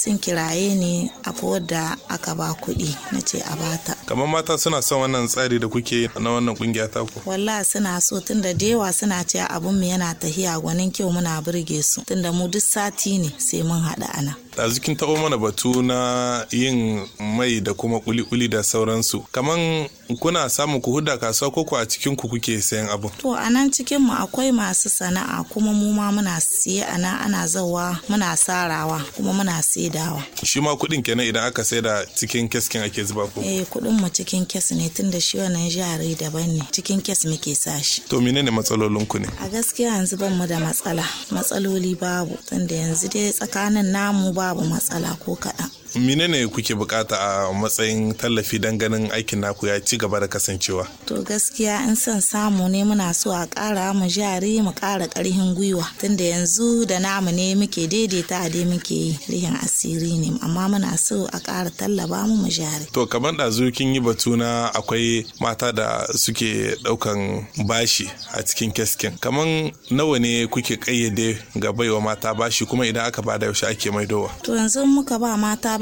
sun kiraye tambaye ni a wadda aka ba kuɗi na ce a bata kamar mata suna son wannan tsari da kuke na wannan kungiya ta ku wallahi suna so tunda da yawa suna cewa abun mu yana tahiya gwanin kyau muna burge su tunda mu duk sati ne sai mun haɗa ana a kin taɓo mana batu na yin mai da kuma kuli-kuli da sauransu kaman kuna samun ku huda kasuwa ko ku a cikin ku kuke sayan abu to a nan cikin akwai masu sana'a kuma mu ma muna siye a nan ana zawa muna sarawa kuma muna saidawa shi ma kuɗin kenan idan aka saida cikin keskin ake zuba ku eh kuɗin mu cikin kes ne tunda shi wannan jari daban ne cikin kes muke sa shi to menene matsalolin ku ne a gaskiya yanzu ban mu da matsala matsaloli babu tunda yanzu dai tsakanin namu ba babu matsala ko kaɗan Mine ne kuke bukata a matsayin tallafi don ganin aikin naku ya ci gaba da kasancewa to gaskiya in son samu ne muna so a kara mu jari mu kara karhin gwiwa tunda yanzu da namu ne muke daidaita a dai muke yi rihin asiri ne amma muna so a kara tallaba mu mu jari to kamar ɗazu kin yi batu na akwai mata da suke ɗaukan bashi a cikin kesken kamar nawa ne kuke ƙayyade ga baiwa mata bashi kuma idan aka ba da yaushe ake maidowa to yanzu muka ba mata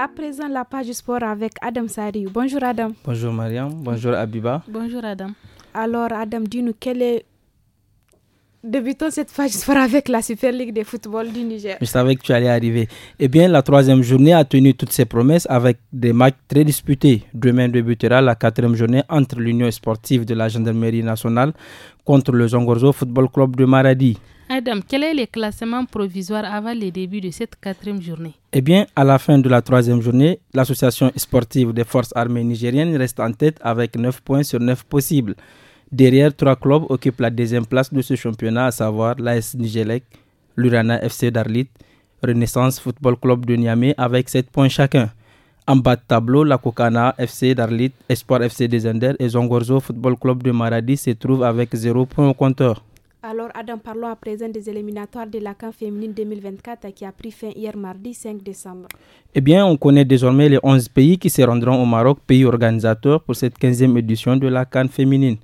À présent, la page sport avec Adam Sariou. Bonjour Adam. Bonjour Mariam. Bonjour Abiba. Bonjour Adam. Alors Adam, dis-nous quel est... Débutons cette page sport avec la Super League de football du Niger. Je savais que tu allais arriver. Eh bien, la troisième journée a tenu toutes ses promesses avec des matchs très disputés. Demain débutera la quatrième journée entre l'Union sportive de la Gendarmerie nationale contre le Zongorzo Football Club de Maradi. Adam, quel est le classement provisoire avant le début de cette quatrième journée Eh bien, à la fin de la troisième journée, l'association sportive des forces armées nigériennes reste en tête avec 9 points sur 9 possibles. Derrière, trois clubs occupent la deuxième place de ce championnat, à savoir l'AS Nigelec, l'Urana FC d'Arlit, Renaissance Football Club de Niamey avec 7 points chacun. En bas de tableau, la Kokana FC d'Arlit, Espoir FC des Enders et Zongorzo Football Club de Maradi se trouvent avec 0 points au compteur. Alors, Adam, parlons à présent des éliminatoires de la CAN féminine 2024 qui a pris fin hier mardi 5 décembre. Eh bien, on connaît désormais les 11 pays qui se rendront au Maroc, pays organisateur pour cette 15e édition de la CAN féminine.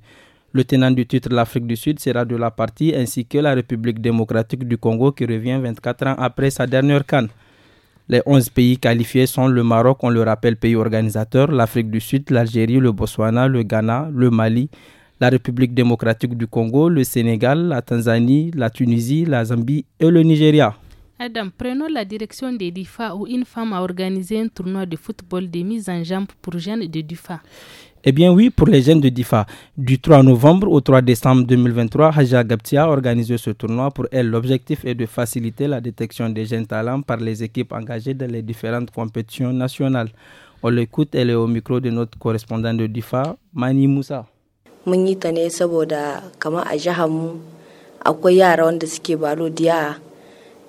Le tenant du titre, l'Afrique du Sud, sera de la partie, ainsi que la République démocratique du Congo qui revient 24 ans après sa dernière Cannes. Les 11 pays qualifiés sont le Maroc, on le rappelle, pays organisateur, l'Afrique du Sud, l'Algérie, le Botswana, le Ghana, le Mali, la République démocratique du Congo, le Sénégal, la Tanzanie, la Tunisie, la Zambie et le Nigeria. Adam, prenons la direction des DIFA où une femme a organisé un tournoi de football de mise en jambe pour jeunes de DIFA. Eh bien oui, pour les jeunes de DIFA. Du 3 novembre au 3 décembre 2023, Haja Gaptia a organisé ce tournoi. Pour elle, l'objectif est de faciliter la détection des jeunes talents par les équipes engagées dans les différentes compétitions nationales. On l'écoute, elle est au micro de notre correspondant de DIFA, Mani Moussa. mun yi ta ne saboda kamar a jihar mu akwai yara wanda suke balo diya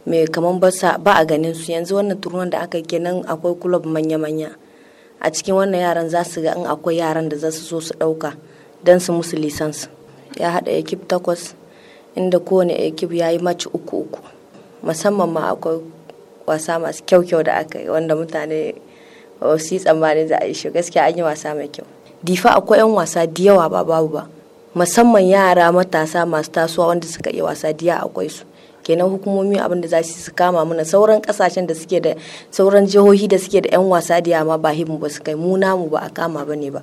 mai kamar ba a ganin su yanzu wannan turnuwan da aka nan akwai kulob manya-manya a cikin wannan yaran za su ga in akwai yaran da za su so su ɗauka don su musu lisans ya haɗa ekip takwas inda kowane ekip ya yi maci uku uku musamman ma akwai wasa masu kyau-kyau da aka yi wanda mutane ba su yi tsammani za a yi shi gaskiya an yi wasa mai kyau difa akwai 'yan wasa da yawa ba babu ba musamman yara matasa masu tasowa wanda suka iya wasa diya akwai su kenan hukumomi abin da za su kama mana sauran kasashen da suke da sauran jihohi da suke da 'yan wasa diya ma ba himu ba su kai mu namu ba a kama ba ne ba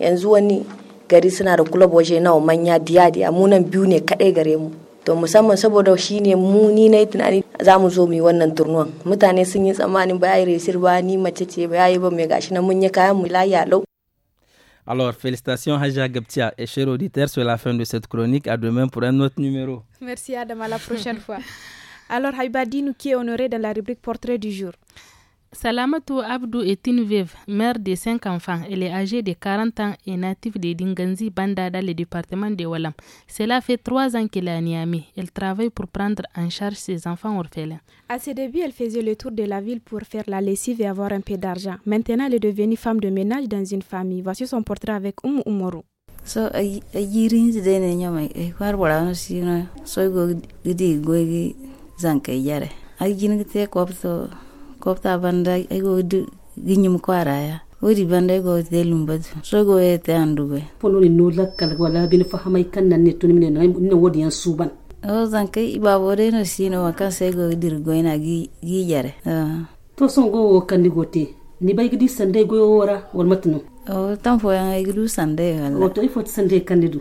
yanzu wani gari suna da kulab waje nawa manya diya diya mu nan biyu ne kadai gare mu to musamman saboda shi ne mu ni na yi tunani za mu zo mu yi wannan turnuwan mutane sun yi tsammanin ba ya yi resir ba ni mace ce ba ya yi ba mai gashi na mun yi kayan mu layi lau Alors, félicitations Haja Gaptia et chers auditeurs, sur la fin de cette chronique. À demain pour un autre numéro. Merci Adam, à la prochaine fois. Alors, Haïba, nous qui est honoré dans la rubrique Portrait du jour. Salamatou Abdou est une veuve, mère de cinq enfants. Elle est âgée de 40 ans et native de Dinganzi Banda dans le département de Walam. Cela fait trois ans qu'elle est à Elle travaille pour prendre en charge ses enfants orphelins. À ses débuts, elle faisait le tour de la ville pour faire la lessive et avoir un peu d'argent. Maintenant, elle est devenue femme de ménage dans une famille. Voici son portrait avec Oumou Oumoru. so kopta banda igo ginyum kwaraya wodi banda igo te lumbatu sogo ete andugo pono ni nola kal wala bin fahama ikan nan ne tunimne na wodi yan suban o zanke ibabore no sino wakanse igo dirgo ina gi gi jare ah. to songo kandigote ni baygidi sande goyo wora wal matnu o tan fo yan egidu sande wala oh, to ifo sande kandidu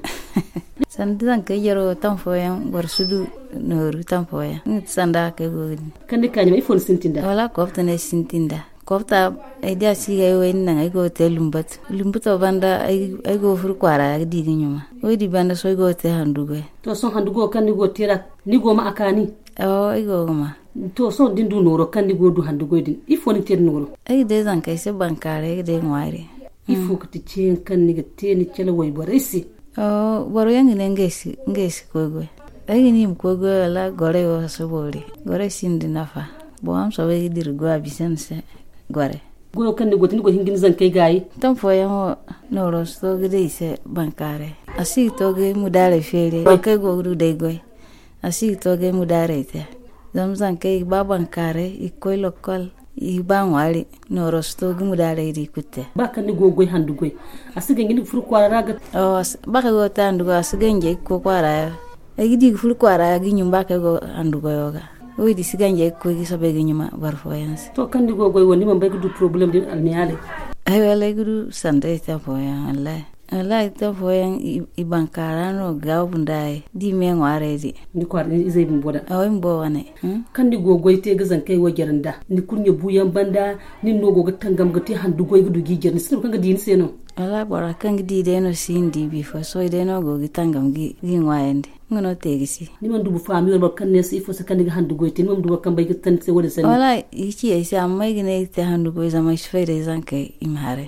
sande tan ke yero tan fo yan war sudu noru tan fo yan sanda ke go kandi kanyama ifo sintinda wala ko sintinda kofta siga asiga yo inna ngai go te lumbat lumbuto banda ay go fur kwara di di nyuma oi di banda so go te handugo to so handugo kan go tira ni go ma akani o ai go ma to so din du noro kan go du handugo din ifo ni te noro ai de zan se bankare de ngware ifugticenkanniga mm. teni cala waybarisi oh, baruyangi ne ngesi ngesi kwegwe aginim kwegwe la gore wo sobori gore sindi nafa bo am so wegi dir gwa bisense gore gwo kanni ni tini gwo hingin zan kai gayi tan fo yamo no rosto gide ise bankare asi toge mudare fere kai gwo gru dai gwe asi toge mudare te zamzan kai bankare ikoi lokal ibangwari norostogi mudare iri kute bakanigogwe handugwe asige ngindi kufuri kwararaga oh, bakago tandugo asige nje ikko kwaraya egidi kufuri kwaraya ginyum bakago handugo yoga uidi siga nje ikko gisobe ginyuma barfoyansi tokandigogwe wonimambaigudu problem di almiale ewela igudu sandeita foya alay ala la tɩ fo yãng y bãnkaarã rõg gao bũndaye dɩ me wãare dɩ ni ko ni zai bu boda a wai mbo wane hmm? kan di go goy te gazan kai wajaran da ni kunya buyan banda ni no go gatangam gati te handu goy gudu gi jerni sinu kan ga din seno ala bora kan gi di de no sin di bi fo so de no go gatangam gi gi ngwaende ngono tegisi ni man dubu fami wor kan ne si fo sakan ga handu goy te mam dubu kan bay gatan se wada sen wala yi ci ay sa may gi ne te handu goy zama shi fayre zan kai imhare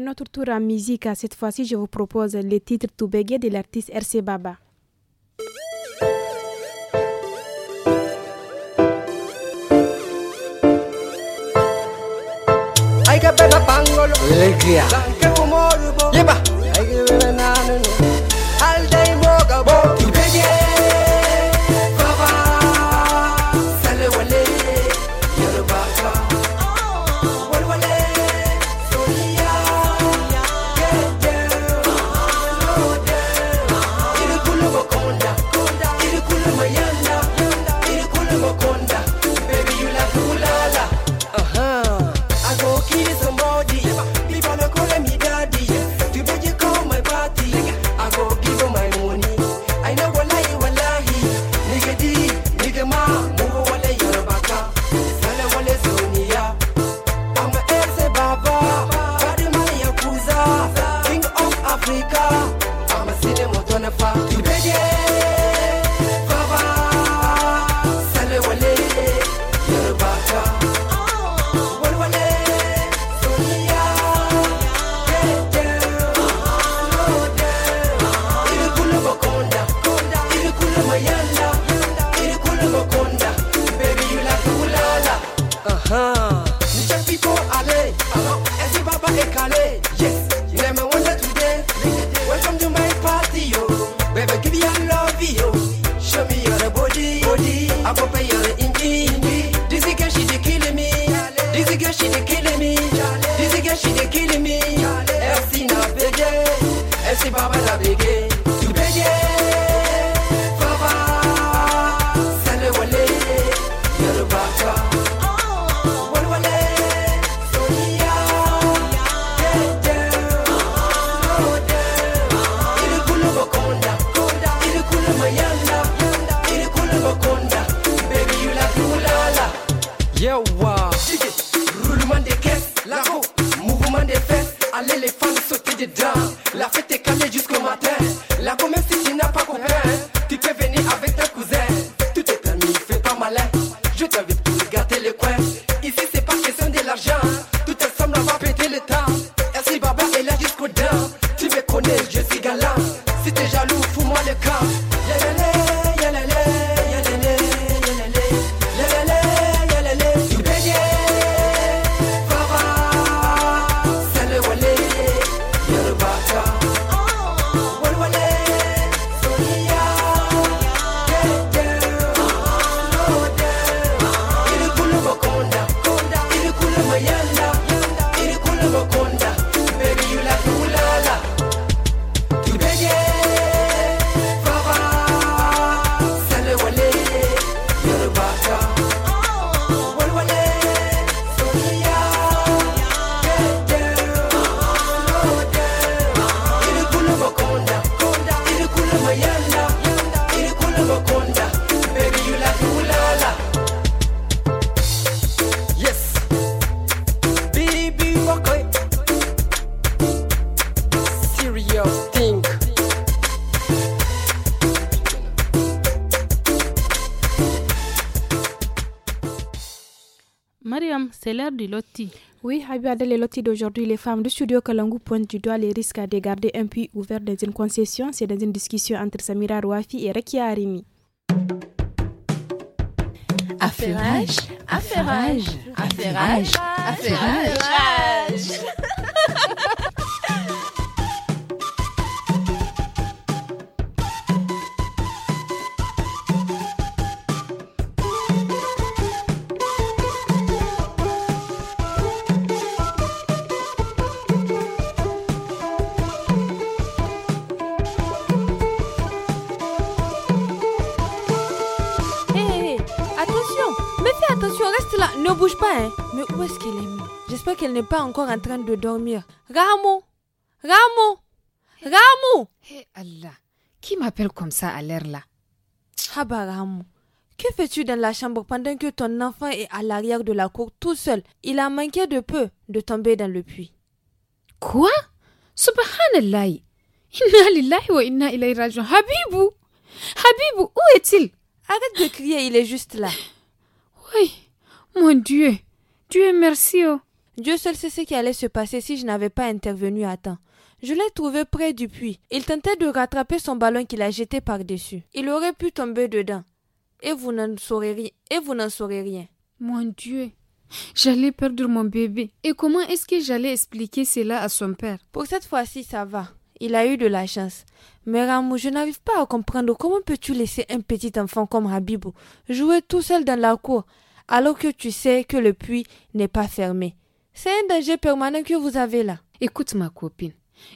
notre tour en musique. Cette fois-ci, je vous propose le titre Toubégué de l'artiste RC Baba. Elle sait pas mal naviguer. Mariam, c'est l'heure du loti. Oui, à les lotis d'aujourd'hui, les femmes du studio Kalangu pointent du doigt les risques à garder un puits ouvert dans une concession. C'est dans une discussion entre Samira Rouafi et Rekia Arimi. Affairage, bouge pas, hein. Mais où est-ce qu'elle est mise J'espère qu'elle n'est pas encore en train de dormir. Ramo Ramo Ramo Hé Allah, qui m'appelle comme ça à l'air là Ah bah que fais-tu dans la chambre pendant que ton enfant est à l'arrière de la cour tout seul Il a manqué de peu de tomber dans le puits. Quoi Subhanallah Inna lillahi wa inna ilayhi raji'un. Habibou Habibou, où est-il Arrête de crier, il est juste là. Oui, mon Dieu Dieu merci oh. Dieu seul sait ce qui allait se passer si je n'avais pas intervenu à temps. Je l'ai trouvé près du puits. Il tentait de rattraper son ballon qu'il a jeté par-dessus. Il aurait pu tomber dedans. Et vous n'en saurez rien. Et vous n'en saurez rien. Mon Dieu. J'allais perdre mon bébé. Et comment est-ce que j'allais expliquer cela à son père Pour cette fois-ci, ça va. Il a eu de la chance. Mais Ramou, je n'arrive pas à comprendre comment peux-tu laisser un petit enfant comme Habibou jouer tout seul dans la cour alors que tu sais que le puits n'est pas fermé. C'est un danger permanent que vous avez là. Écoute ma copine,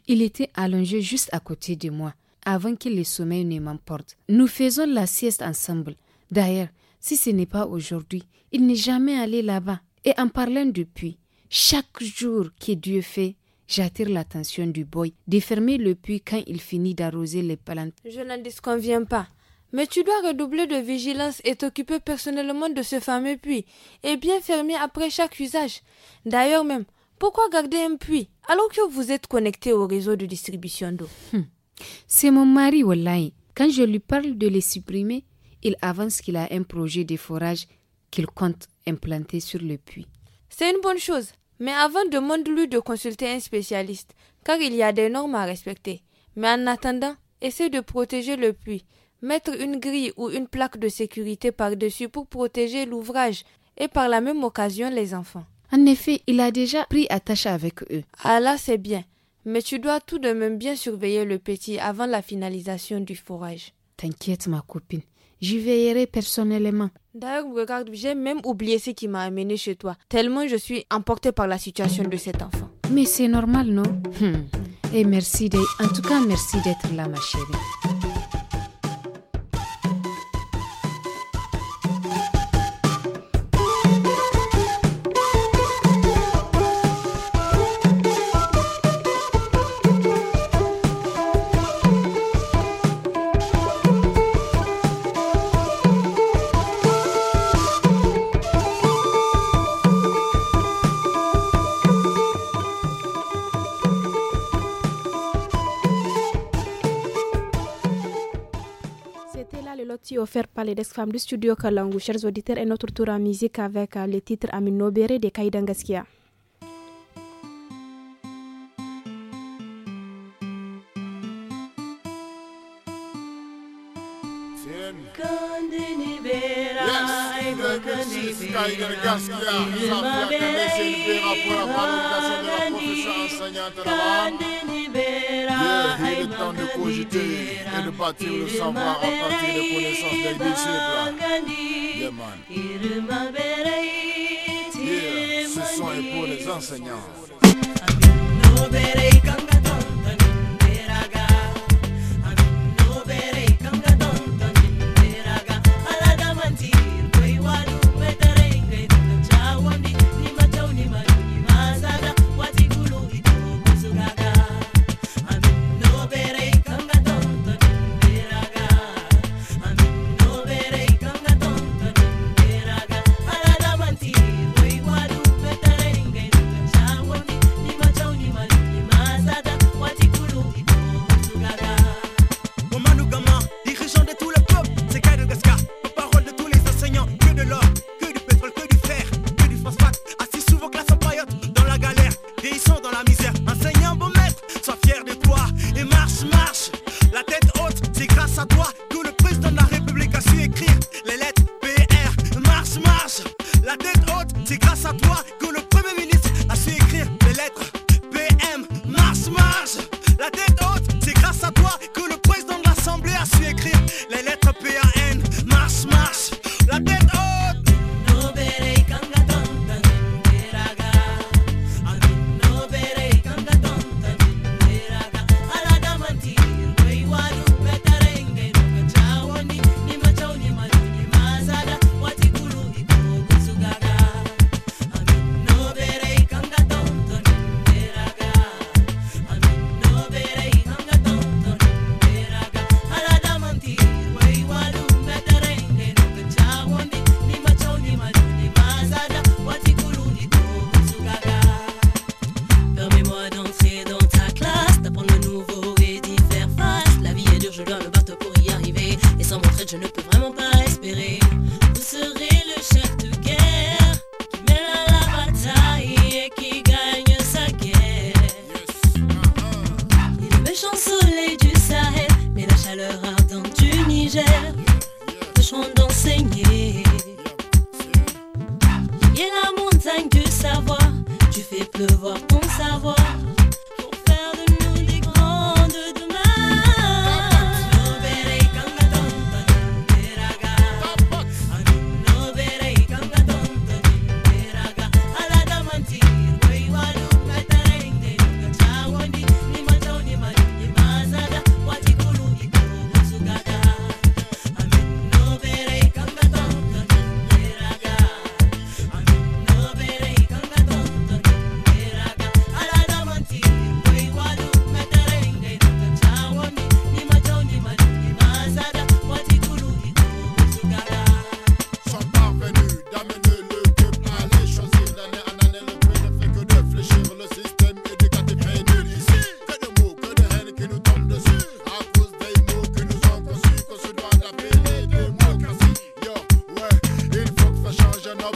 il était allongé juste à côté de moi avant que le sommeil ne m'emporte. Nous faisons la sieste ensemble. D'ailleurs, si ce n'est pas aujourd'hui, il n'est jamais allé là-bas. Et en parlant du puits, chaque jour que Dieu fait, j'attire l'attention du boy de fermer le puits quand il finit d'arroser les plantes. Je n'en disconviens pas. Mais tu dois redoubler de vigilance et t'occuper personnellement de ce fameux puits, et bien fermer après chaque usage. D'ailleurs même, pourquoi garder un puits alors que vous êtes connecté au réseau de distribution d'eau hmm. C'est mon mari, Wallahi. Quand je lui parle de les supprimer, il avance qu'il a un projet de forage qu'il compte implanter sur le puits. C'est une bonne chose, mais avant demande-lui de consulter un spécialiste, car il y a des normes à respecter. Mais en attendant, essaie de protéger le puits mettre une grille ou une plaque de sécurité par-dessus pour protéger l'ouvrage et par la même occasion les enfants. En effet, il a déjà pris attache avec eux. Ah là, c'est bien. Mais tu dois tout de même bien surveiller le petit avant la finalisation du forage. T'inquiète, ma copine. J'y veillerai personnellement. D'ailleurs, regarde, j'ai même oublié ce qui m'a amené chez toi, tellement je suis emportée par la situation de cet enfant. Mais c'est normal, non hmm. Et merci En tout cas, merci d'être là, ma chérie. partie offert par les desk femmes du studio Kalangu. Chers auditeurs, et notre tour en musique avec euh, le titre Amino Bere de Kaidangaskia. Gaskia. Il est temps de cogiter et de bâtir le savoir à partir des connaissances des disciples. Yeah, man. Yeah, ce sont les pour les enseignants.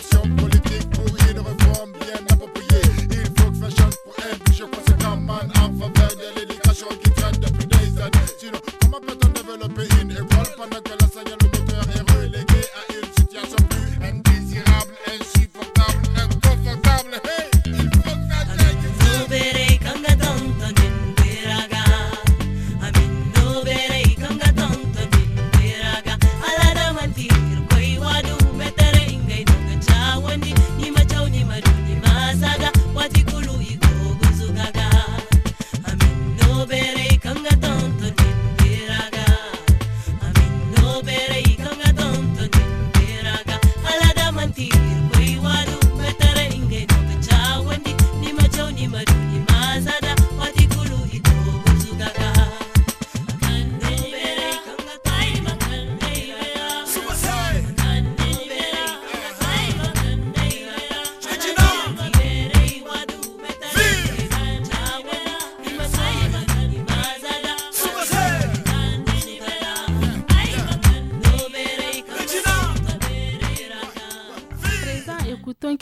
so.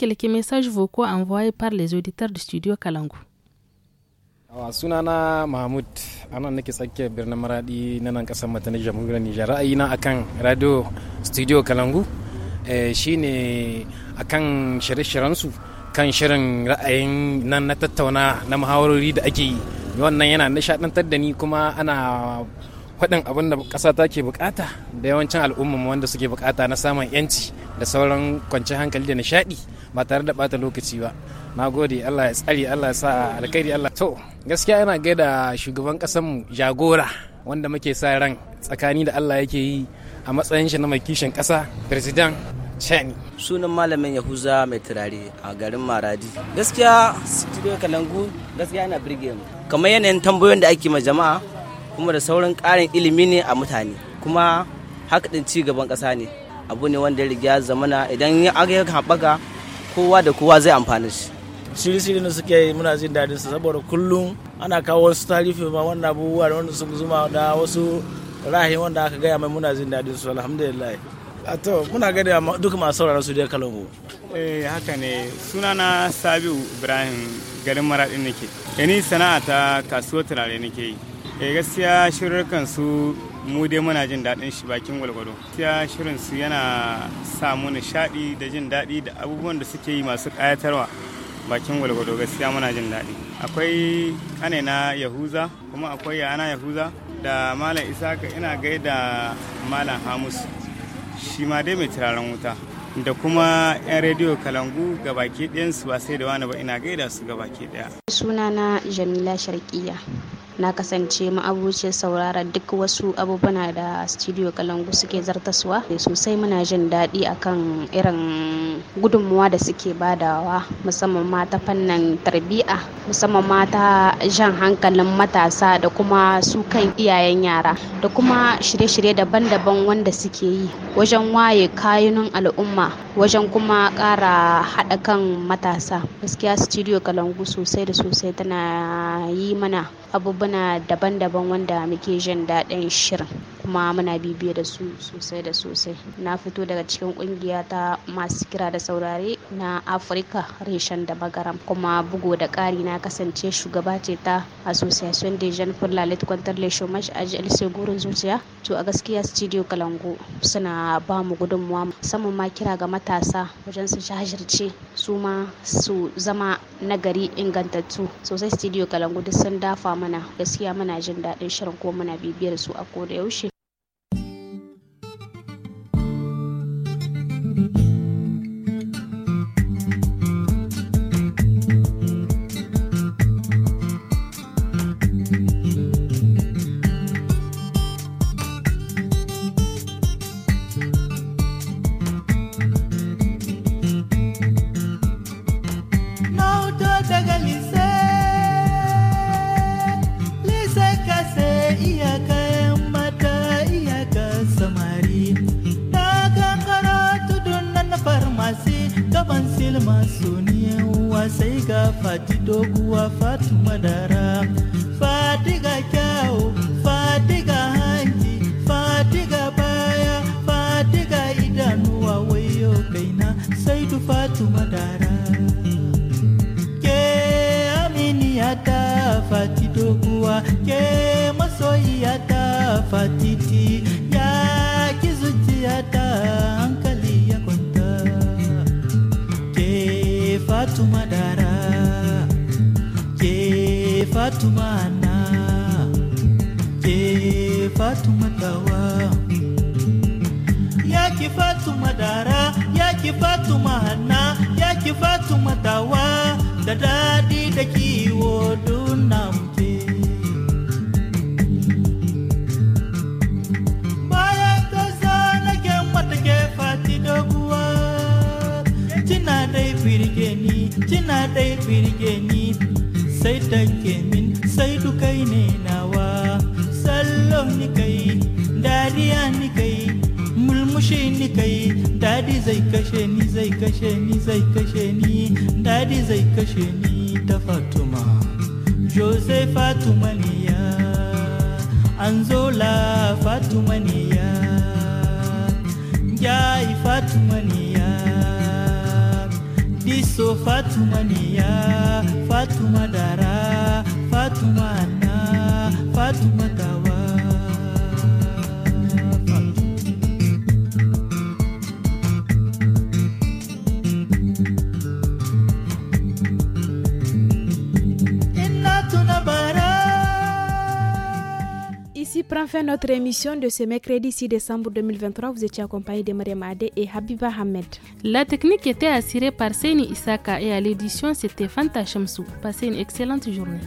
quelques messages vocaux envoyés par les auditeurs du studio Kalangu. awa sunana mahmud anan nake Bernamaradi, birnin maradi na nan kasar mata na jamhuriyar nijar ra'ayina akan radio studio kalangu eh, shine akan shirye-shiryensu kan shirin ra'ayin nan na tattauna na muhawarori da ake yi wannan yana nishadantar da ni kuma ana faɗin abin da ƙasa take bukata da yawancin al'umma wanda suke bukata na samun yanci da sauran kwanciyar hankali da nishaɗi ba tare da bata lokaci ba na gode allah ya tsari allah ya sa alkhairi allah to gaskiya yana gaida shugaban mu jagora wanda muke sa ran tsakani da allah yake yi a matsayin shi na mai kishin ƙasa president Chani. Sunan malamin Yahuza mai turare a garin Maradi. Gaskiya studio Kalangu gaskiya na birge mu. Kamar yanayin tambayoyin da ake ma jama'a kuma da sauran ƙarin ilimi ne a mutane kuma haka ɗin ci gaban ƙasa ne. abu ne wanda ya riga zamana idan aka haɓaka kowa da kowa zai amfani shi shiri-shiri da suke yi muna jin daɗin su saboda kullum ana kawo wasu tarifi ma wannan abubuwa da wanda sun zuma da wasu rahin wanda aka gaya mai muna jin daɗin su alhamdulillah a to muna gani duk masu sauraron su dai kalangu eh haka ne sunana sabiu ibrahim garin maraɗin nake eh, ni sana'a ta kasuwar turare nake yi eh, gaskiya shirurrukan su mu dai muna jin daɗin shi bakin gwalgwado gaskiya shirin su yana samu nishaɗi da jin daɗi da abubuwan da suke yi masu ƙayatarwa bakin gwalgwado gaskiya muna jin daɗi akwai kane na yahuza kuma akwai yana yahuza da malam isaka ina gaida malam hamus shi ma dai mai turaren wuta da kuma 'yan rediyo kalangu ga baki ɗayan su ba sai da wani ba ina gaida su ga baki ɗaya sunana jamila sharkiya na kasance ma'abuciyar saurara duk wasu abubuwan da studio kalangu suke zartaswa sosai muna jin daɗi akan irin gudunmuwa da suke badawa musamman ma ta fannin tarbiyya musamman ma ta jan hankalin matasa da kuma su kan iyayen yara da kuma shirye-shirye daban-daban wanda suke yi wajen waye kayunan al'umma wajen kuma ƙara haɗa kan matasa gaskiya studio kalangu sosai da sosai tana yi mana abubuwa daban-daban wanda muke jin daɗin shirin. kuma muna bibiye da su sosai da sosai na fito daga cikin kungiya ta masu kira da saurare na afirka reshen da magaram kuma bugu da kari na kasance shugaba ce ta association de jeunes pour la lutte contre les chômage a jlc gurin zuciya to a gaskiya studio kalangu suna ba mu gudunmuwa musamman ma kira ga matasa wajen su shahirce su ma su zama nagari ingantattu sosai studio kalangu duk sun dafa mana gaskiya muna jin daɗin shirin ko muna bibiyar su a koda yaushe kina dai birge ni sai take min sai dukai ne nawa sallo ni kai dariya ni kai mulmushi ni kai dadi zai kashe ni zai kashe ni zai kashe ni dadi zai kashe ni ta fatuma jose fatuma ne ya anzola fatuma ne ya ya fatuma ne so fatuma Nia, fatuma dara fatuma anna fatuma tawa Pour prend fin notre émission de ce mercredi 6 décembre 2023. Vous étiez accompagné de Mariam Adé et Habiba Ahmed. La technique était assurée par Seni Isaka et à l'édition, c'était Fanta Shamsou. Passez une excellente journée.